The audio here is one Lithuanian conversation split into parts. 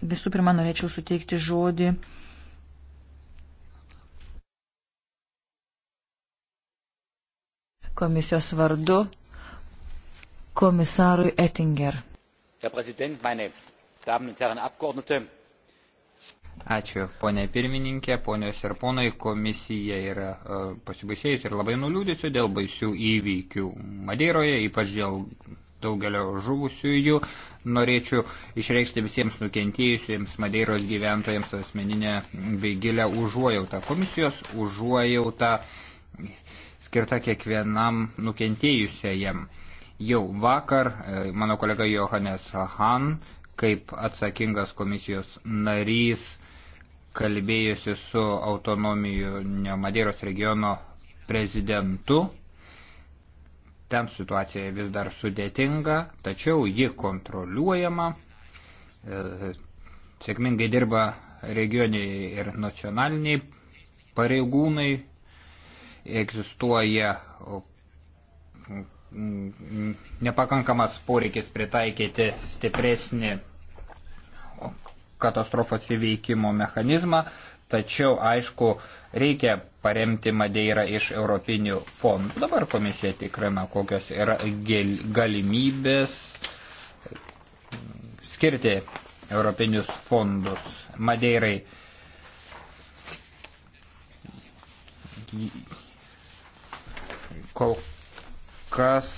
Visų pirma, norėčiau suteikti žodį komisijos vardu komisarui Ettinger. Herr Präsident, meine Damen und Herren Abgeordnete. Ačiū, ponė pirmininkė, ponios ir ponai, komisija yra uh, pasibaisėjusi ir labai nuliūdėsiu dėl baisių įvykių Madeiroje, ypač dėl daugelio žuvusiųjų. Norėčiau išreikšti visiems nukentėjusiems Madeiros gyventojams asmeninę bei gilę užuojautą. Komisijos užuojautą skirta kiekvienam nukentėjusiejam. Jau vakar e, mano kolega Johannes Han, kaip atsakingas komisijos narys, kalbėjusi su autonomijų Madeiros regiono prezidentu ten situacija vis dar sudėtinga, tačiau ji kontroliuojama, e, sėkmingai dirba regioniai ir nacionaliniai pareigūnai, egzistuoja nepakankamas poreikis pritaikyti stipresnį katastrofos įveikimo mechanizmą, tačiau aišku reikia paremti Madeirą iš europinių fondų. Dabar komisija tikrina, kokios yra galimybės skirti europinius fondus Madeirai. Kol kas,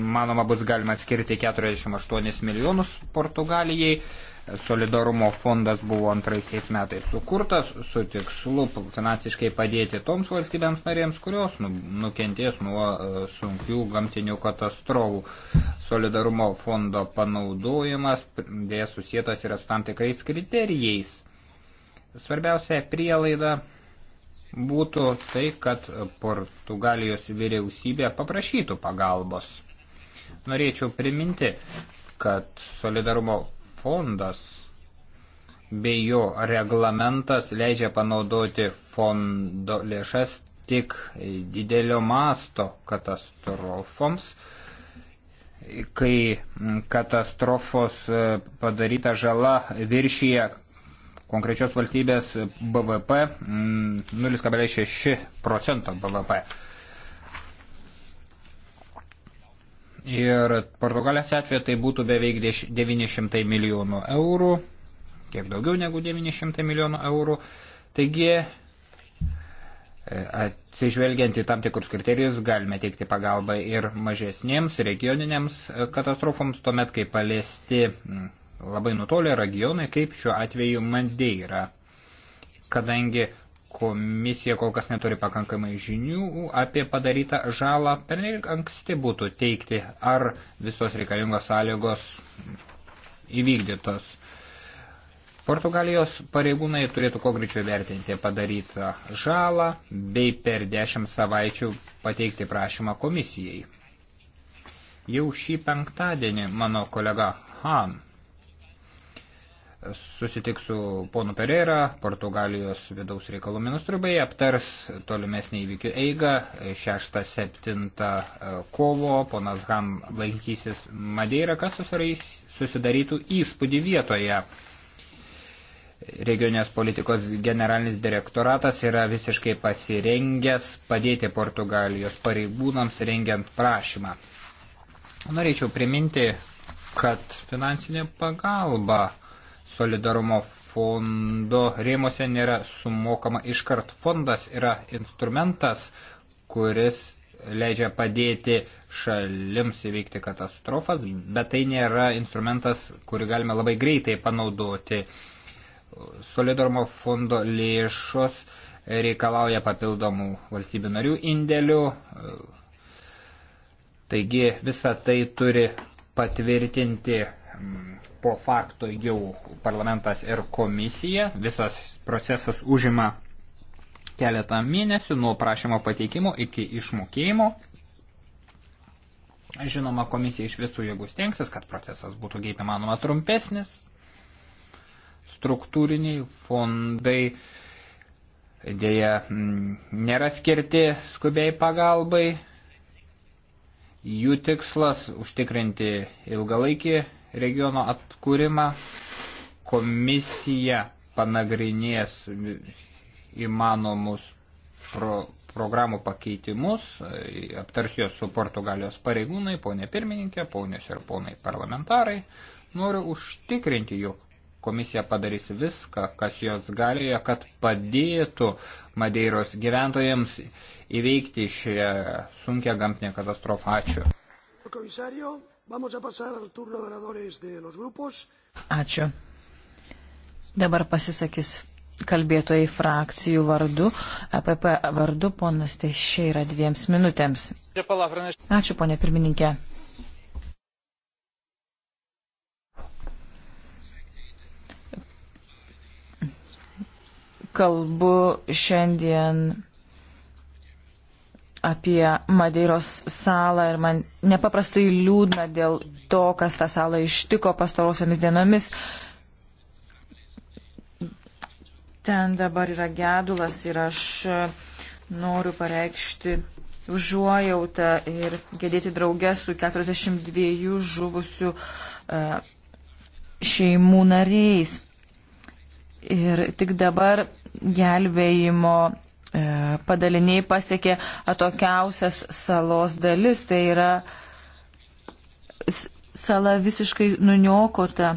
manoma, bus galima skirti 48 milijonus Portugalijai Solidarumo fondas buvo antraisiais metais sukurtas su tikslu finansiškai padėti toms valstybėms narėms, kurios nu, nukentės nuo e, sunkių gamtinių katastrofų. Solidarumo fondo panaudojimas dėja susijęs yra su tam tikrais kriterijais. Svarbiausia prielaida būtų tai, kad Portugalijos vyriausybė paprašytų pagalbos. Norėčiau priminti, kad solidarumo fondas bei jo reglamentas leidžia panaudoti fondo lėšas tik didelio masto katastrofoms, kai katastrofos e, padaryta žala viršyje konkrečios valstybės BVP 0,6 mm, procento BVP. Ir Portugalijos atveju tai būtų beveik 900 milijonų eurų, kiek daugiau negu 900 milijonų eurų. Taigi, e, atsižvelgiant į tam tikrus kriterijus, galime teikti pagalbą ir mažesniems regioninėms e, katastrofoms, tuomet kai paliesti labai nutolę regionai, kaip šiuo atveju Mandeira. Kadangi komisija kol kas neturi pakankamai žinių apie padarytą žalą. Pernelyg anksti būtų teikti, ar visos reikalingos sąlygos įvykdytos. Portugalijos pareigūnai turėtų kuo greičiau vertinti padarytą žalą bei per 10 savaičių pateikti prašymą komisijai. Jau šį penktadienį mano kolega Han susitiks su ponu Pereira, Portugalijos vidaus reikalų ministru, bei aptars tolimesnį įvykių eigą. 6-7 e, kovo ponas Ham lankysis Madeira, kas susidarytų įspūdį vietoje. Regioninės politikos generalinis direktoratas yra visiškai pasirengęs padėti Portugalijos pareigūnams rengiant prašymą. Norėčiau priminti, kad finansinė pagalba uh, solidarumo fondo rėmose nėra sumokama iškart. Fondas yra instrumentas, kuris leidžia padėti šalims įveikti katastrofas, bet tai nėra instrumentas, kurį galime labai greitai panaudoti. Solidarumo fondo lėšos reikalauja papildomų valstybių narių indėlių, taigi visa tai turi patvirtinti mm, po fakto jau parlamentas ir komisija, visas procesas užima keletą mėnesių nuo prašymo pateikimo iki išmokėjimo. Žinoma, komisija iš visų jėgų stengsis, kad procesas būtų kaip įmanoma trumpesnis. Struktūriniai fondai dėja mm, nėra skirti skubiai pagalbai. Jų tikslas užtikrinti ilgalaikį regiono atkūrimą. Komisija panagrinės įmanomus pro, programų pakeitimus, aptars juos su Portugalijos pareigūnai, ponė pirmininkė, ponios ir ponai parlamentarai. Noriu užtikrinti, jog komisija padarys viską, kas jos galioje, kad padėtų Madeiros gyventojams įveikti šią sunkę gamtinę katastrofą. Ačiū. Ačiū. Dabar pasisakys kalbėtojai frakcijų vardu, EPP vardu, ponas Teišė yra dviems minutėms. Ačiū, ponė pirmininkė. Kalbu šiandien apie Madeiros salą ir man nepaprastai liūdna dėl to, kas tą salą ištiko pastarosiamis dienomis. Ten dabar yra gedulas ir aš e, noriu pareikšti užuojautą ir gedėti draugę su 42 žuvusių e, šeimų nariais. Ir tik dabar gelbėjimo E, padaliniai pasiekė atokiausias salos dalis, tai yra sala visiškai nuniokota,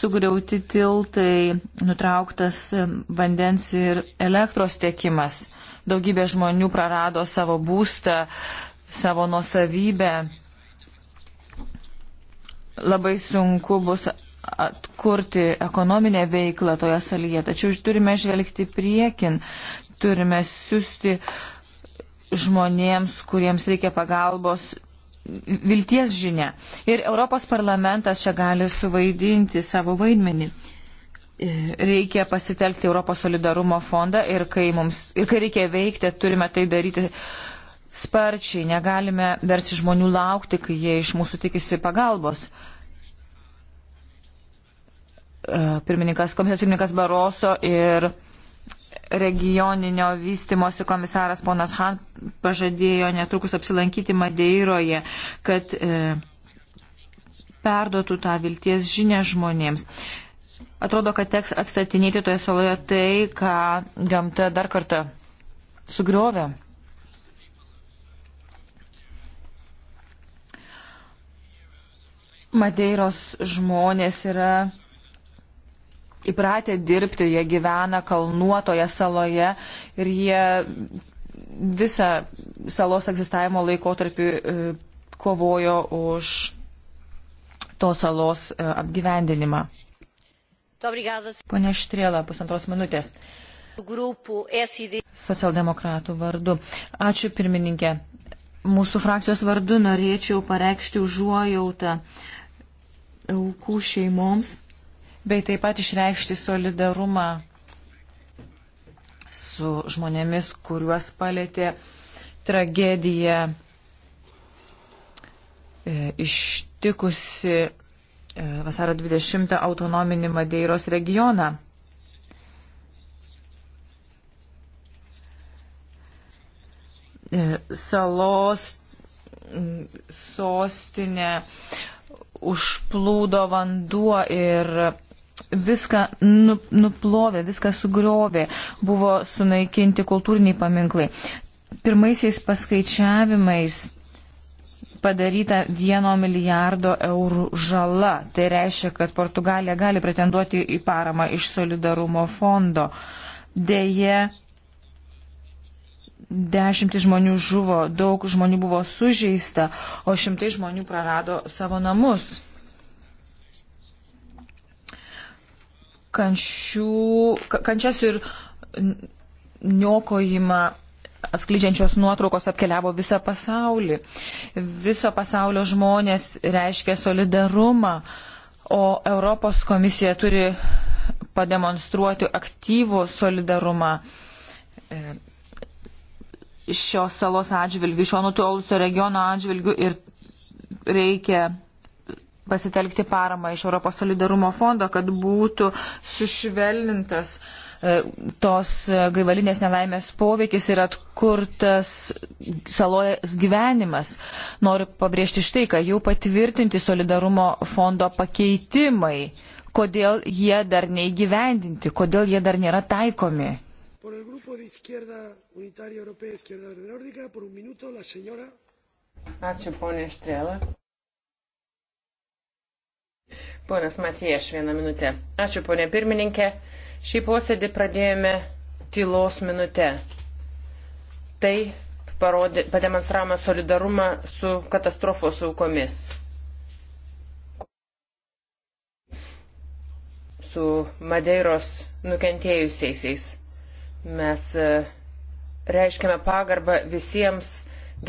sugriauti tiltai, nutrauktas e, vandens ir elektros tiekimas. Daugybė žmonių prarado savo būstą, savo nuosavybę. Labai sunku bus atkurti ekonominę veiklą toje salyje, tačiau turime žvelgti priekin turime siūsti žmonėms, kuriems reikia pagalbos vilties žinia. Ir Europos parlamentas čia gali suvaidinti savo vaidmenį. Reikia pasitelkti Europos solidarumo fondą ir kai, mums, ir kai reikia veikti, turime tai daryti sparčiai. Negalime versti žmonių laukti, kai jie iš mūsų tikisi pagalbos. Pirmininkas, komisijos pirmininkas Baroso ir regioninio vystimosi komisaras ponas Han pažadėjo netrukus apsilankyti Madeiroje, kad e, perduotų tą vilties žinę žmonėms. Atrodo, kad teks atstatinėti toje saloje tai, ką gamta dar kartą sugriovė. Madeiros žmonės yra įpratę dirbti, jie gyvena kalnuotoje saloje ir jie visą salos egzistavimo laikotarpį e, kovojo už tos salos e, apgyvendinimą. Pone Štrėla, pusantros minutės. Socialdemokratų vardu. Ačiū pirmininkė. Mūsų frakcijos vardu norėčiau pareikšti užuojautą aukų šeimoms bei taip pat išreikšti solidarumą su žmonėmis, kuriuos palėtė tragedija e, ištikusi e, vasaro 20 autonominį Madeiros regioną. E, salos sostinė užplūdo vanduo ir viską nu, nuplovė, viską sugriovė, buvo sunaikinti kultūriniai paminklai. Pirmaisiais paskaičiavimais padaryta vieno milijardo eurų žala. Tai reiškia, kad Portugalija gali pretenduoti į paramą iš solidarumo fondo. Deja, dešimtis žmonių žuvo, daug žmonių buvo sužeista, o šimtai žmonių prarado savo namus. kančių, kančias ir niokojimą atskleidžiančios nuotraukos apkeliavo visą pasaulį. Viso pasaulio žmonės reiškia solidarumą, o Europos komisija turi pademonstruoti aktyvų solidarumą e, šios salos atžvilgių, šio nutolusio regiono atžvilgių ir reikia pasitelkti paramą iš Europos solidarumo fondo, kad būtų sušvelnintas e, tos e, gaivalinės nelaimės poveikis ir atkurtas salojas gyvenimas. Noriu pabrėžti štai, kad jau patvirtinti solidarumo fondo pakeitimai, kodėl jie dar neįgyvendinti, kodėl jie dar nėra taikomi. Ačiū, ponė Štrėla. Ponas Matieš, vieną minutę. Ačiū, ponė pirmininkė. Šį posėdį pradėjome tylos minutę. Tai parodė, pademonstravome solidarumą su katastrofos aukomis. Su Madeiros nukentėjusiais. Mes e, reiškiame pagarbą visiems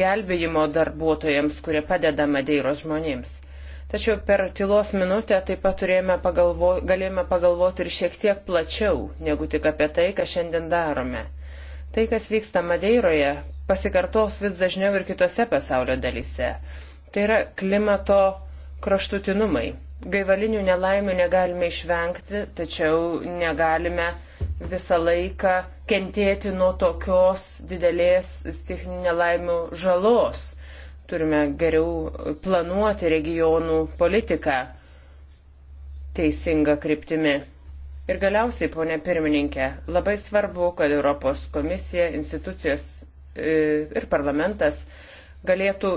gelbėjimo darbuotojams, kurie padeda Madeiros žmonėms. Tačiau per tylos minutę taip pat pagalvo, galėjome pagalvoti ir šiek tiek plačiau, negu tik apie tai, ką šiandien darome. Tai, kas vyksta Madeiroje, pasikartos vis dažniau ir kitose pasaulio dalyse. Tai yra klimato kraštutinumai. Gaivalinių nelaimių negalime išvengti, tačiau negalime visą laiką kentėti nuo tokios didelės stichinių nelaimių žalos Turime geriau planuoti regionų politiką teisinga kryptimi. Ir galiausiai, ponė pirmininkė, labai svarbu, kad Europos komisija, institucijos e, ir parlamentas galėtų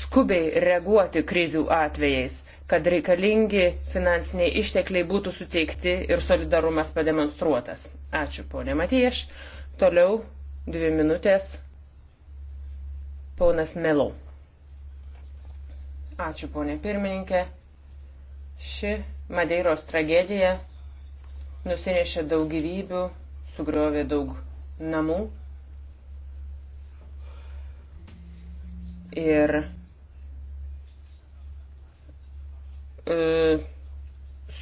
skubiai reaguoti krizių atvejais, kad reikalingi finansiniai ištekliai būtų suteikti ir solidarumas pademonstruotas. Ačiū, ponė Matieš. Toliau dvi minutės. Ponas Melau. Ačiū, ponė pirmininkė. Ši Madeiros tragedija nusinešė daug gyvybių, sugriovė daug namų. Ir e,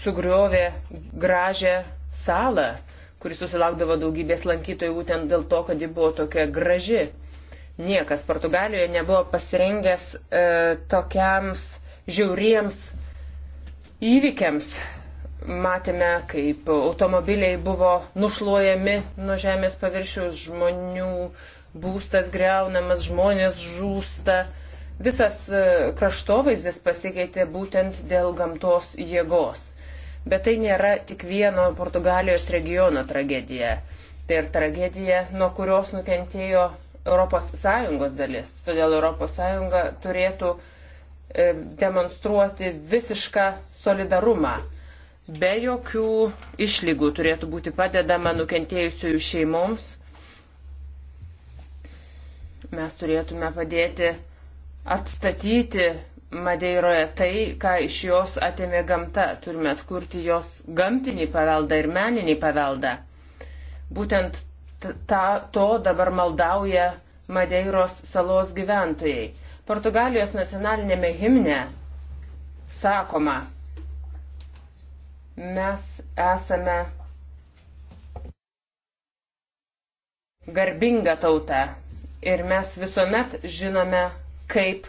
sugriovė gražią salą, kuris susilaukdavo daugybės lankytojų būtent dėl to, kad ji buvo tokia graži. Niekas Portugalijoje nebuvo pasirengęs e, tokiams žiauriems įvykiams. Matėme, kaip automobiliai buvo nušluojami nuo žemės paviršiaus, žmonių būstas greunamas, žmonės žūsta. Visas e, kraštovaizdis pasikeitė būtent dėl gamtos jėgos. Bet tai nėra tik vieno Portugalijos regiono tragedija. Tai ir tragedija, nuo kurios nukentėjo ES dalis. Todėl ES turėtų e, demonstruoti visišką solidarumą. Be jokių išlygų turėtų būti padedama nukentėjusiųjų šeimoms. Mes turėtume padėti atstatyti Madeiroje tai, ką iš jos atėmė gamta. Turime atkurti jos gamtinį paveldą ir meninį paveldą. Būtent Ta, to dabar maldauja Madeiros salos gyventojai. Portugalijos nacionalinėme himne sakoma, mes esame garbinga tauta ir mes visuomet žinome, kaip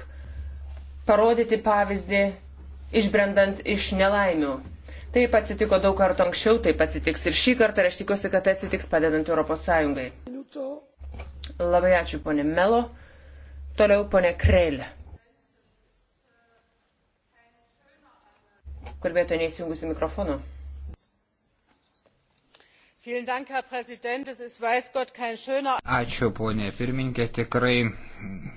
parodyti pavyzdį išbrendant iš nelaimių. Taip atsitiko daug kartų anksčiau, taip atsitiks ir šį kartą ir aš tikiuosi, kad tai atsitiks padedant ES. Labai ačiū, ponė Melo. Toliau, ponė Kreilė. Kalbėtoja neįsijungusi mikrofono. Ačiū, ponė pirmininkė, tikrai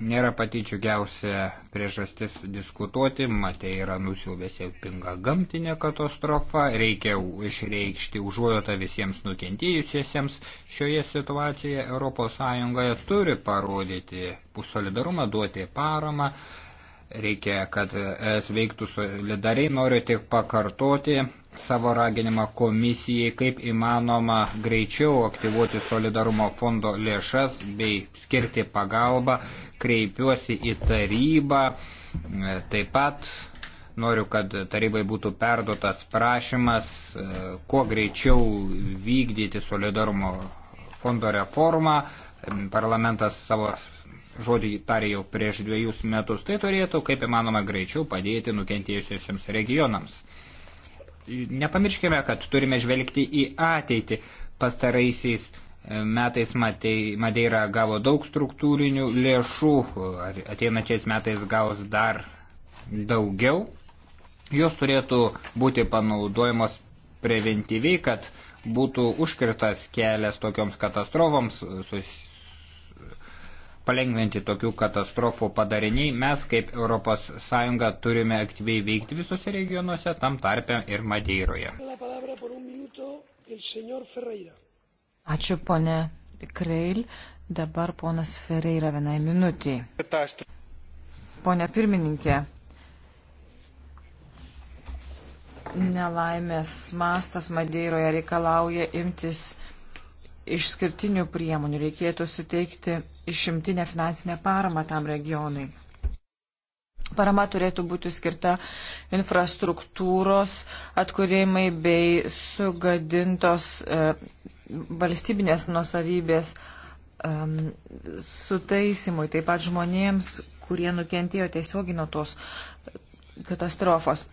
nėra pati džiugiausia priežastis diskutuoti, matė yra nusilvėsi pinga gamtinė katastrofa, reikia išreikšti užuojotą visiems nukentėjusiesiems. Šioje situacijoje ES turi parodyti solidarumą, duoti paramą, reikia, kad es veiktų solidariai, noriu tik pakartoti, savo raginimą komisijai, kaip įmanoma greičiau aktyvuoti solidarumo fondo lėšas bei skirti pagalbą. Kreipiuosi į tarybą. Taip pat noriu, kad tarybai būtų perduotas prašymas, e, kuo greičiau vykdyti solidarumo fondo reformą. Parlamentas savo žodį tarė jau prieš dviejus metus. Tai turėtų, kaip įmanoma, greičiau padėti nukentėjusiesiems regionams nepamirškime, kad turime žvelgti į ateitį. Pastaraisiais e, metais Madeira gavo daug struktūrinių lėšų, ateinačiais metais gaus dar daugiau. Jos turėtų būti panaudojamos preventyviai, kad būtų užkirtas kelias tokioms katastrofoms, palengventi tokių katastrofų padariniai, mes kaip ES turime aktyviai veikti visose regionuose, tam tarpe ir Madeiroje. Ačiū, ponė Kreil. Dabar ponas Ferreira vienai minutį. Pone pirmininkė, nelaimės mastas Madeiroje reikalauja imtis išskirtinių priemonių, reikėtų suteikti išimtinę finansinę paramą tam regionui. Parama turėtų būti skirta infrastruktūros atkūrimai bei sugadintos e, valstybinės nusavybės e, sutaisimui, taip pat žmonėms, kurie nukentėjo tiesiogiai nuo tos katastrofos.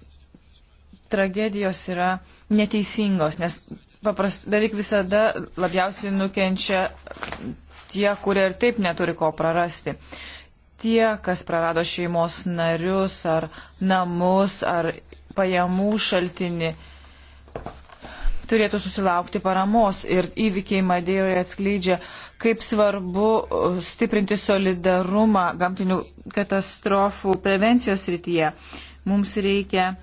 Tragedijos yra neteisingos, nes papras, beveik visada labiausiai nukenčia tie, kurie ir taip neturi ko prarasti. Tie, kas prarado šeimos narius ar namus ar pajamų šaltinį, turėtų susilaukti paramos. Ir įvykiai Madeiroje atskleidžia, kaip svarbu uh, stiprinti solidarumą gamtinių katastrofų prevencijos rytyje. Mums reikia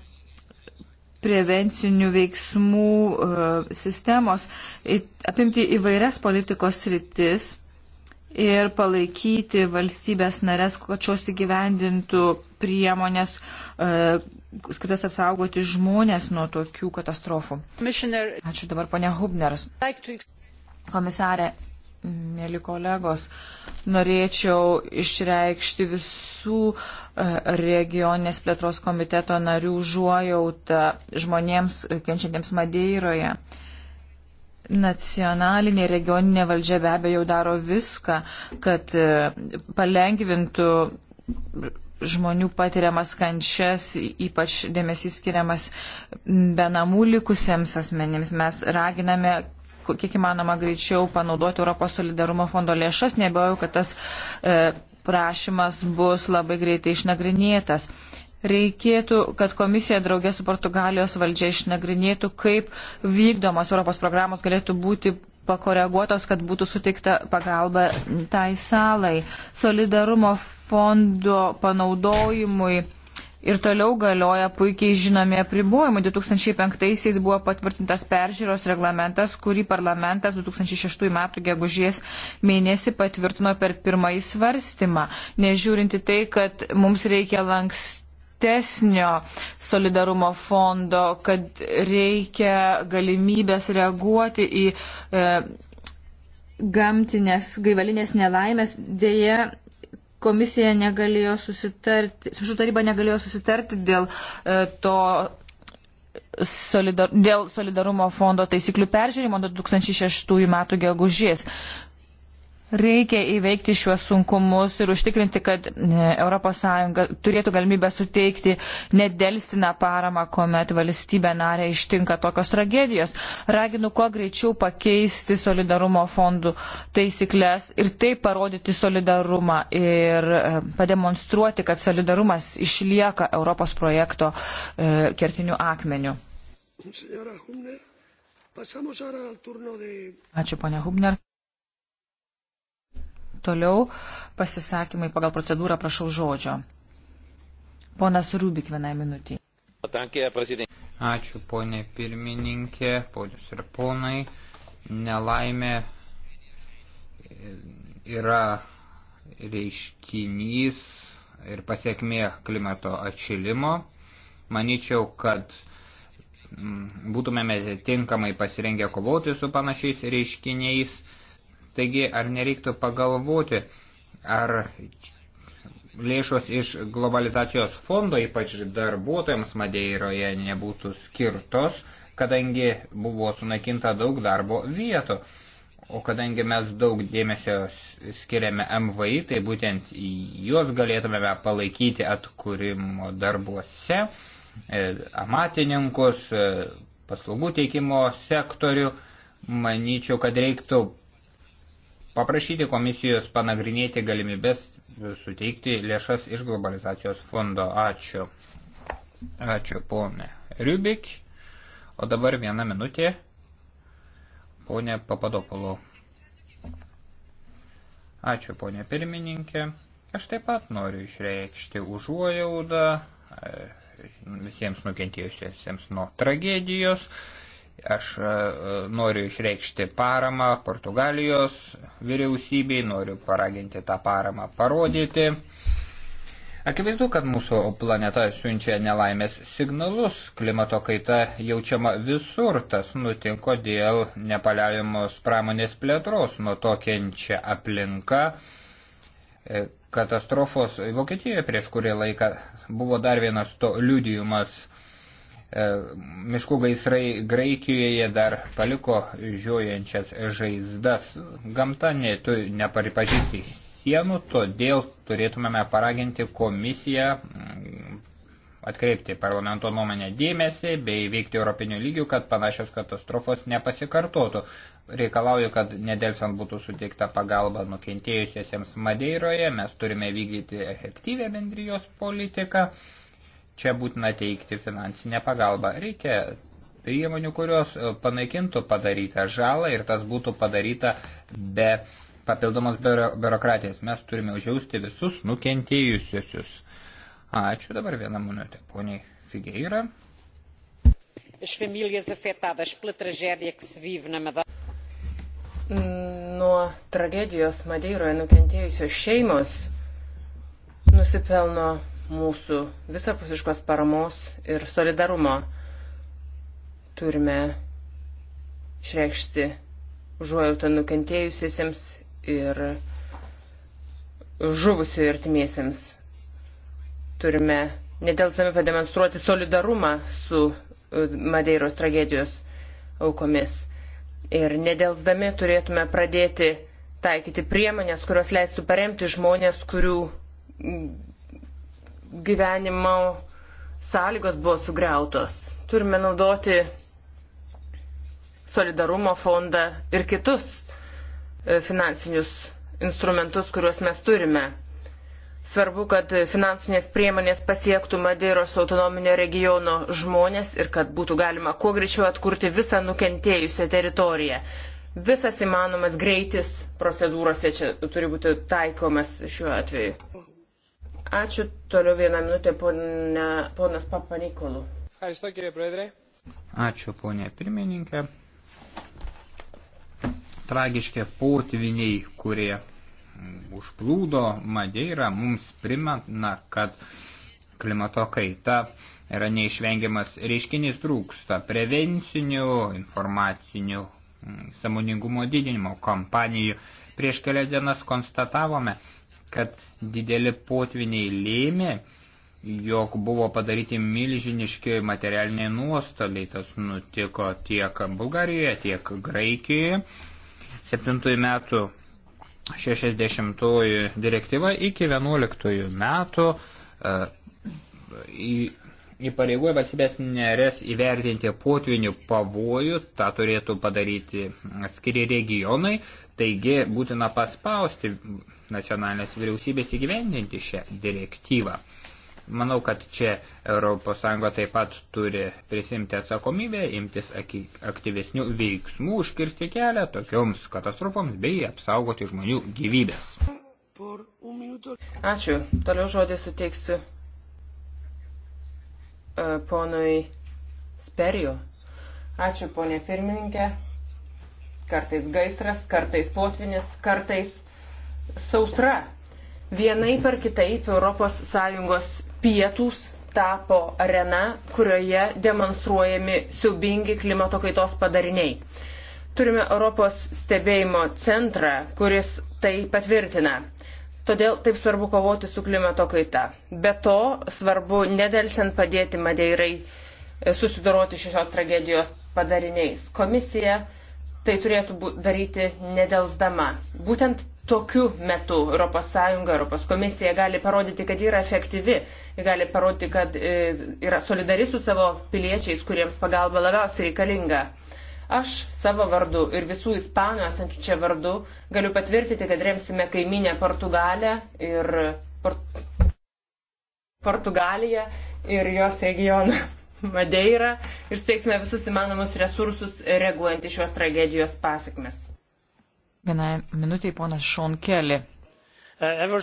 prevencinių veiksmų e, sistemos apimti įvairias politikos rytis ir palaikyti valstybės narės, kad šios įgyvendintų priemonės, skirtas e, apsaugoti žmonės nuo tokių katastrofų. Ačiū dabar, ponia Hubners. Komisarė, mėly kolegos, norėčiau išreikšti visų e, regioninės plėtros komiteto narių žuojautą žmonėms kenčiantiems Madeiroje. Nacionalinė regioninė valdžia be abejo daro viską, kad e, palengvintų žmonių patiriamas kančias, ypač dėmesys skiriamas benamų likusiems asmenims. Mes raginame kiek įmanoma greičiau panaudoti Europos solidarumo fondo lėšas, nebejoju, kad tas e, prašymas bus labai greitai išnagrinėtas. Reikėtų, kad komisija draugė su Portugalijos valdžia išnagrinėtų, kaip vykdomos Europos programos galėtų būti pakoreguotos, kad būtų suteikta pagalba tai salai. Solidarumo fondo panaudojimui ir toliau galioja puikiai žinomi apribojimai. 2005-aisiais buvo patvirtintas peržiūros reglamentas, kurį parlamentas 2006 m. gegužės mėnesį patvirtino per pirmąjį svarstymą. Nežiūrinti tai, kad mums reikia lankstesnio solidarumo fondo, kad reikia galimybės reaguoti į e, gamtinės gaivalinės nelaimės, dėje komisija negalėjo susitarti, atsiprašau, taryba negalėjo susitarti dėl e, to. Solidar, dėl solidarumo fondo taisyklių peržiūrimo 2006 m. gegužės. Reikia įveikti šiuos sunkumus ir užtikrinti, kad ES turėtų galimybę suteikti nedelsiną paramą, kuomet valstybė narė ištinka tokios tragedijos. Raginu kuo greičiau pakeisti solidarumo fondų taisyklės ir taip parodyti solidarumą ir e, pademonstruoti, kad solidarumas išlieka Europos projekto e, kertiniu akmeniu. Ačiū, ponia Hubner. Toliau pasisakymai pagal procedūrą prašau žodžio. Ponas Rubik vienai minutį. Ačiū ponė pirmininkė, ponius ir ponai. Nelaimė e, yra reiškinys ir pasiekmė klimato atšilimo. Maničiau, kad būtumėme tinkamai pasirengę kovoti su panašiais reiškiniais Taigi, ar nereiktų pagalvoti, ar lėšos iš globalizacijos fondo, ypač darbuotojams Madeiroje, nebūtų skirtos, kadangi buvo sunakinta daug darbo vietų. O kadangi mes daug dėmesio skiriame MVI, tai būtent juos galėtumėme palaikyti atkūrimo darbuose, e, amatininkus, e, paslaugų teikimo sektorių. Manyčiau, kad reiktų paprašyti komisijos panagrinėti galimybės suteikti lėšas iš globalizacijos fondo. Ačiū. Ačiū, ponė Riubik. O dabar viena minutė. Ponė Papadopolo. Ačiū, ponė pirmininkė. Aš taip pat noriu išreikšti užuojaudą e, visiems nukentėjusiesiems nuo tragedijos. Aš e, e, noriu išreikšti paramą Portugalijos vyriausybei, noriu paraginti tą paramą parodyti. Akivaizdu, kad mūsų planeta siunčia nelaimės signalus, klimato kaita jaučiama visur, tas nutinko dėl nepaliaujamos pramonės plėtros, nuo to kenčia aplinka. E, katastrofos Vokietijoje prieš kurį laiką buvo dar vienas to liudijumas E, miškų gaisrai Graikijoje dar paliko žiojančias žaizdas. Gamta ne, tu neparipažįsti sienų, todėl turėtumėme paraginti komisiją mm, atkreipti parlamento nuomonę dėmesį bei veikti europinių lygių, kad panašios katastrofos nepasikartotų. Reikalauju, kad nedelsant būtų suteikta pagalba nukentėjusiesiems Madeiroje, mes turime vykdyti efektyvę bendrijos politiką. Čia būtina teikti finansinę pagalbą. Reikia priemonių, kurios e, panaikintų padarytą žalą ir tas būtų padaryta be papildomos biurokratijos. Mes turime užjausti visus nukentėjusius. Ačiū dabar vieną minutę, poniai Figeira. Nuo tragedijos Madeiroje nukentėjusios šeimos nusipelno mūsų visapusiškos paramos ir solidarumo. Turime išreikšti užuojautą nukentėjusiesiems ir žuvusių artimiesiems. Turime nedelsami pademonstruoti solidarumą su e, Madeiros tragedijos aukomis. Ir nedelsdami turėtume pradėti taikyti priemonės, kurios leistų paremti žmonės, kurių gyvenimo sąlygos buvo sugriautos. Turime naudoti solidarumo fondą ir kitus e, finansinius instrumentus, kuriuos mes turime. Svarbu, kad finansinės priemonės pasiektų Madeiros autonominio regiono žmonės ir kad būtų galima kuo greičiau atkurti visą nukentėjusią teritoriją. Visas įmanomas greitis procedūrose čia turi būti taikomas šiuo atveju. Ačiū toliau vieną minutę, ponia, ponas Papanikolų. Ačiū, ponė pirmininkė. Tragiški potviniai, kurie užplūdo Madeirą, mums primena, kad klimato kaita yra neišvengiamas reiškinys trūksta prevencinių, informacinių, mm, samoningumo didinimo kampanijų. Prieš kelias dienas konstatavome, kad dideli potviniai lėmė, jog buvo padaryti milžiniški materialiniai nuostoliai. Tas nutiko tiek Bulgarijoje, tiek Graikijoje. 7 metų 60 direktyva iki 11 metų e, įpareigoja valstybės nerės įvertinti potvinių pavojų, tą turėtų padaryti atskiri regionai, taigi būtina paspausti nacionalinės vyriausybės įgyvendinti šią direktyvą. Manau, kad čia ES taip pat turi prisimti atsakomybę, imtis aktyvesnių veiksmų, užkirsti kelią tokioms katastrofoms bei apsaugoti žmonių gyvybės. Ačiū. Toliau žodį suteiksiu E, ponui Speriu. Ačiū, ponė pirmininkė. Kartais gaisras, kartais potvinis, kartais sausra. Vienaip ar kitaip ES pietus tapo arena, kurioje demonstruojami siubingi klimato kaitos padariniai. Turime Europos stebėjimo centrą, kuris tai patvirtina. Todėl taip svarbu kovoti su klimato kaita. Be to, svarbu nedelsiant padėti Madeirai e, susidoroti šios tragedijos padariniais. Komisija tai turėtų daryti nedelsdama. Būtent tokiu metu ES, ES komisija gali parodyti, kad yra efektyvi, gali parodyti, kad e, yra solidari su savo piliečiais, kuriems pagalba labiausiai reikalinga. Aš savo vardu ir visų ispanų esančių čia vardu galiu patvirtinti, kad remsime kaiminę Portugalę ir Port... Portugaliją ir jos regioną Madeirą ir suteiksime visus įmanomus resursus reaguojant į šios tragedijos pasiekmes. Vieną minutę, ponas Šonkelė. Uh,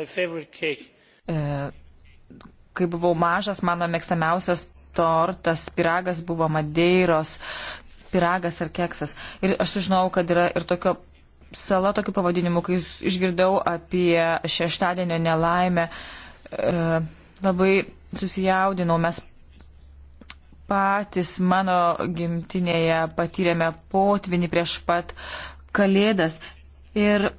uh, kai buvau mažas, mano mėgstamiausias tortas, piragas buvo Madeiros, piragas ar keksas. Ir aš sužinojau, kad yra ir tokio sala tokiu pavadinimu, kai išgirdau apie šeštadienio nelaimę, e, labai susijaudinau, mes patys mano gimtinėje patyrėme potvinį prieš pat kalėdas ir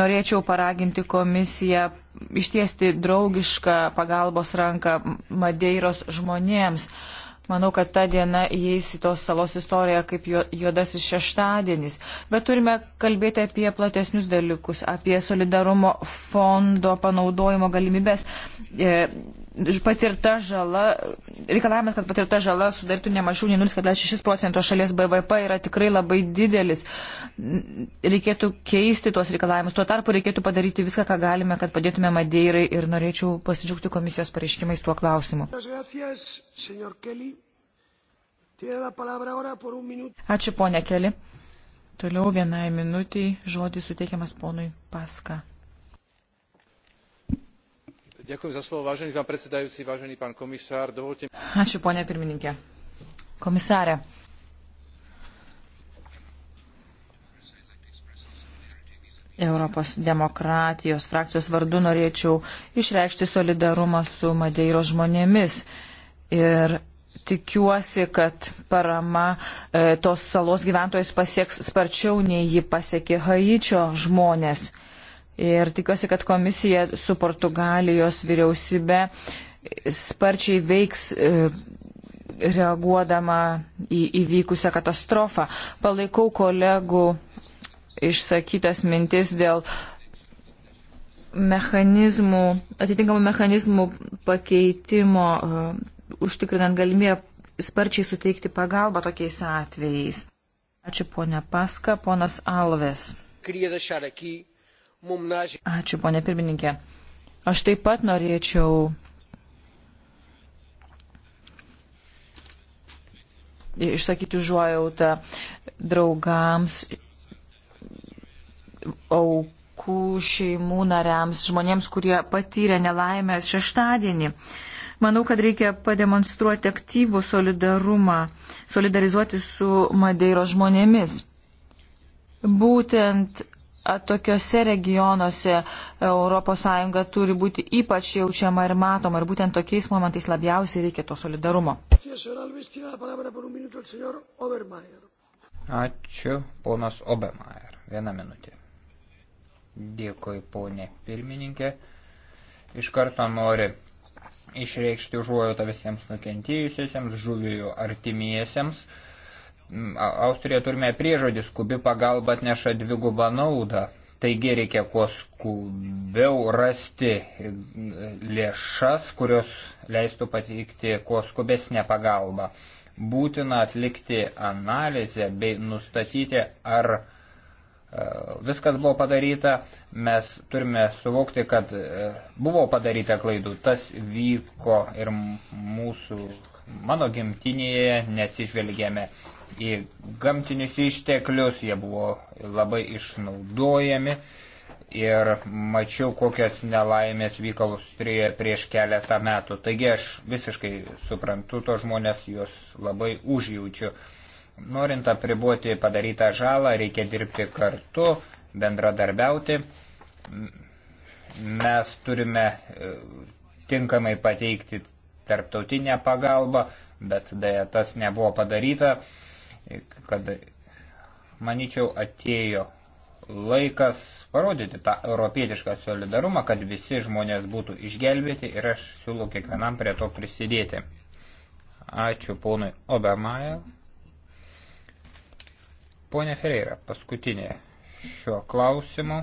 norėčiau paraginti komisiją ištiesti draugišką pagalbos ranką Madeiros žmonėms. Manau, kad ta diena įeis į tos salos istoriją kaip juodasis šeštadienis. Bet turime kalbėti apie platesnius dalykus, apie solidarumo fondo panaudojimo galimybės. E, patirta žala, reikalavimas, kad patirta žala sudarytų ne mažiau nei 0,6 procento šalies BVP yra tikrai labai didelis. Reikėtų keisti tuos reikalavimus. Tuo tarpu reikėtų padaryti viską, ką galime, kad padėtume Madeirai ir norėčiau pasidžiaugti komisijos pareiškimais tuo klausimu. Ačiū, ponia Keli. Toliau vienai minutiai žodį suteikiamas ponui Paska. Ačiū, ponė pirmininkė. Komisarė. Europos demokratijos frakcijos vardu norėčiau išreikšti solidarumą su Madeiro žmonėmis. Ir tikiuosi, kad parama e, tos salos gyventojus pasieks sparčiau, nei ji pasiekė Haičio žmonės ir tikiuosi, kad komisija su Portugalijos vyriausybe sparčiai veiks e, reaguodama į įvykusią katastrofą. Palaikau kolegų išsakytas mintis dėl mechanizmų, atitinkamų mechanizmų pakeitimo, uh, užtikrinant galimybę sparčiai suteikti pagalbą tokiais atvejais. Ačiū ponia Paska, ponas Alves. Queria deixar aqui Ačiū, ponė pirmininkė. Aš taip pat norėčiau išsakyti užuojautą draugams, aukų šeimų nariams, žmonėms, kurie patyrė nelaimę šeštadienį. Manau, kad reikia pademonstruoti aktyvų solidarumą, solidarizuoti su Madeiro žmonėmis. Būtent tokiuose regionuose ES turi būti ypač jaučiama ir matoma ir būtent tokiais momentais labiausiai reikia to solidarumo. Ačiū, ponas Obermeier. Vieną minutę. Dėkui, ponė pirmininkė. Iš karto nori išreikšti užuojautą visiems nukentėjusiesiems, žuvėjų artimiesiems. Uh, Mm, Austrijoje turime priežodį skubi pagalba atneša dvigubą naudą. Taigi reikia kuo skubiau rasti lėšas, kurios leistų pateikti kuo skubesnę pagalbą. Būtina atlikti analizę bei nustatyti, ar e, viskas buvo padaryta, mes turime suvokti, kad e, buvo padaryta klaidų, tas vyko ir mūsų mano gimtinėje neatsižvelgėme į gamtinius išteklius, jie buvo labai išnaudojami ir mačiau, kokias nelaimės vyko Austrijoje prieš keletą metų. Taigi aš visiškai suprantu to žmonės, juos labai užjaučiu. Norint apribuoti padarytą žalą, reikia dirbti kartu, bendradarbiauti. Mes turime e, tinkamai pateikti tarptautinę pagalbą, bet dėja tas nebuvo padaryta, kad, manyčiau, atėjo laikas parodyti tą europietišką solidarumą, kad visi žmonės būtų išgelbėti ir aš siūlau kiekvienam prie to prisidėti. Ačiū ponui Obemaja. Pone Ferreira, paskutinė šio klausimu.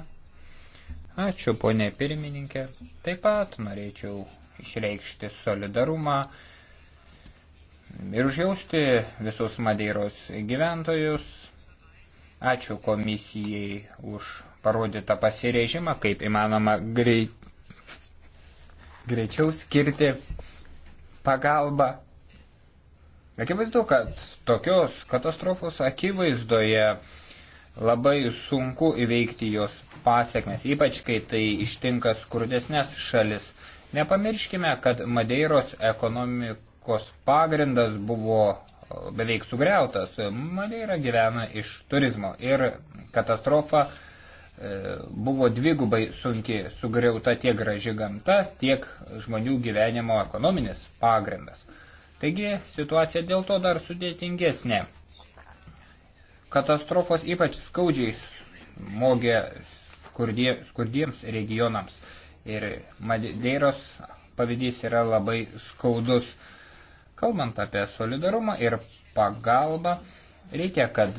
Ačiū ponė pirmininkė. Taip pat norėčiau išreikšti solidarumą ir užjausti visus Madeiros gyventojus. Ačiū komisijai už parodytą pasirežimą, kaip įmanoma greit, greičiau skirti pagalbą. Akivaizdu, kad tokios katastrofos akivaizdoje labai sunku įveikti jos pasiekmes, ypač kai tai ištinka skurdesnės šalis. Nepamirškime, kad Madeiros ekonomikos pagrindas buvo e, beveik sugriautas. Madeira gyvena iš turizmo ir katastrofa e, buvo dvigubai sunki sugriauta tiek graži gamta, tiek žmonių gyvenimo ekonominis pagrindas. Taigi situacija dėl to dar sudėtingesnė. Katastrofos ypač skaudžiai smogė skurdie, skurdiems regionams ir Madeiros pavyzdys yra labai skaudus. Kalbant apie solidarumą ir pagalbą, reikia, kad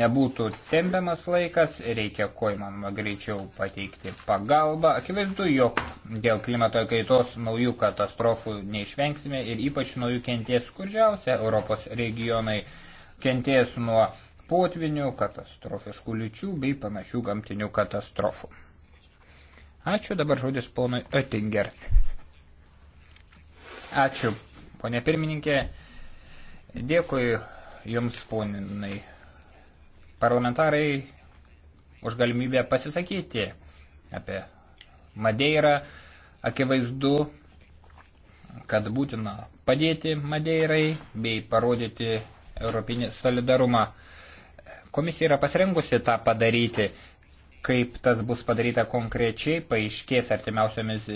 nebūtų tempiamas laikas, reikia kuo įmanoma greičiau pateikti pagalbą. Akivaizdu, jog dėl klimato kaitos naujų katastrofų neišvengsime ir ypač naujų kenties skurdžiausia Europos regionai kenties nuo potvinių, katastrofiškų liučių bei panašių gamtinių katastrofų. Ačiū dabar žodis ponui Oettinger. Ačiū, ponė pirmininkė. Dėkui Jums, poninai parlamentarai, už galimybę pasisakyti apie Madeirą. Akivaizdu, kad būtina padėti Madeirai bei parodyti europinį solidarumą. Komisija yra pasirengusi tą padaryti. Kaip tas bus padaryta konkrečiai, paaiškės artimiausiomis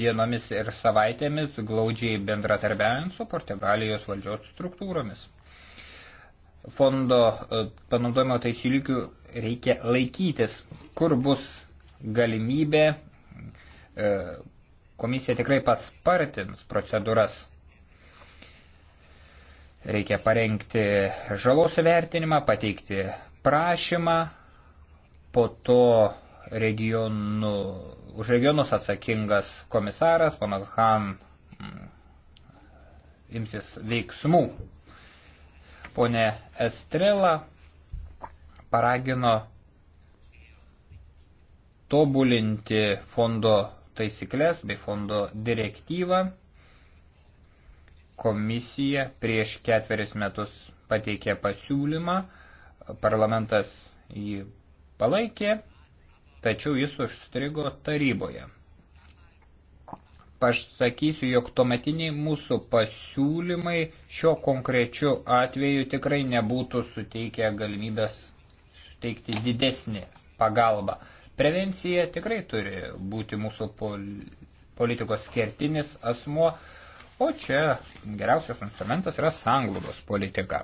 dienomis ir savaitėmis, glaudžiai bendratarbiaujant su Portugalijos valdžios struktūromis. Fondo e, panaudojimo taisyklių reikia laikytis, kur bus galimybė, e, komisija tikrai paspartins procedūras. Reikia parengti žalos vertinimą, pateikti prašymą, po to regionų, už regionus atsakingas komisaras, panas Han, mm, imsis veiksmų. Pone Estrela paragino tobulinti fondo taisyklės bei fondo direktyvą. Komisija prieš ketveris metus pateikė pasiūlymą, parlamentas jį palaikė, tačiau jis užstrigo taryboje. Pasakysiu, jog tuometiniai mūsų pasiūlymai šio konkrečiu atveju tikrai nebūtų suteikę galimybės suteikti didesnį pagalbą. Prevencija tikrai turi būti mūsų politikos kertinis asmo, o čia geriausias instrumentas yra sanglubos politika.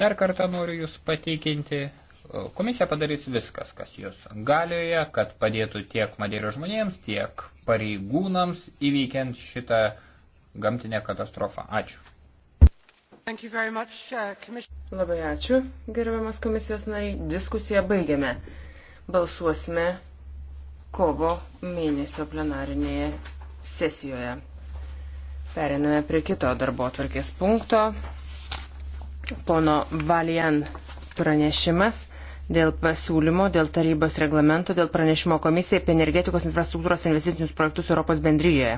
Dar kartą noriu Jūs patikinti, Komisija padarys viskas, kas jūs galioje, kad padėtų tiek Madeiros žmonėms, tiek pareigūnams įveikiant šitą gamtinę katastrofą. Ačiū. Much, uh, Labai ačiū, gerbiamas komisijos nariai. Diskusiją baigiame. Balsuosime kovo mėnesio plenarinėje sesijoje. Periname prie kito darbo atvarkės punkto. Pono Valian pranešimas dėl pasiūlymo, dėl tarybos reglamento, dėl pranešimo komisijai apie energetikos infrastruktūros investicinius projektus Europos bendryjoje.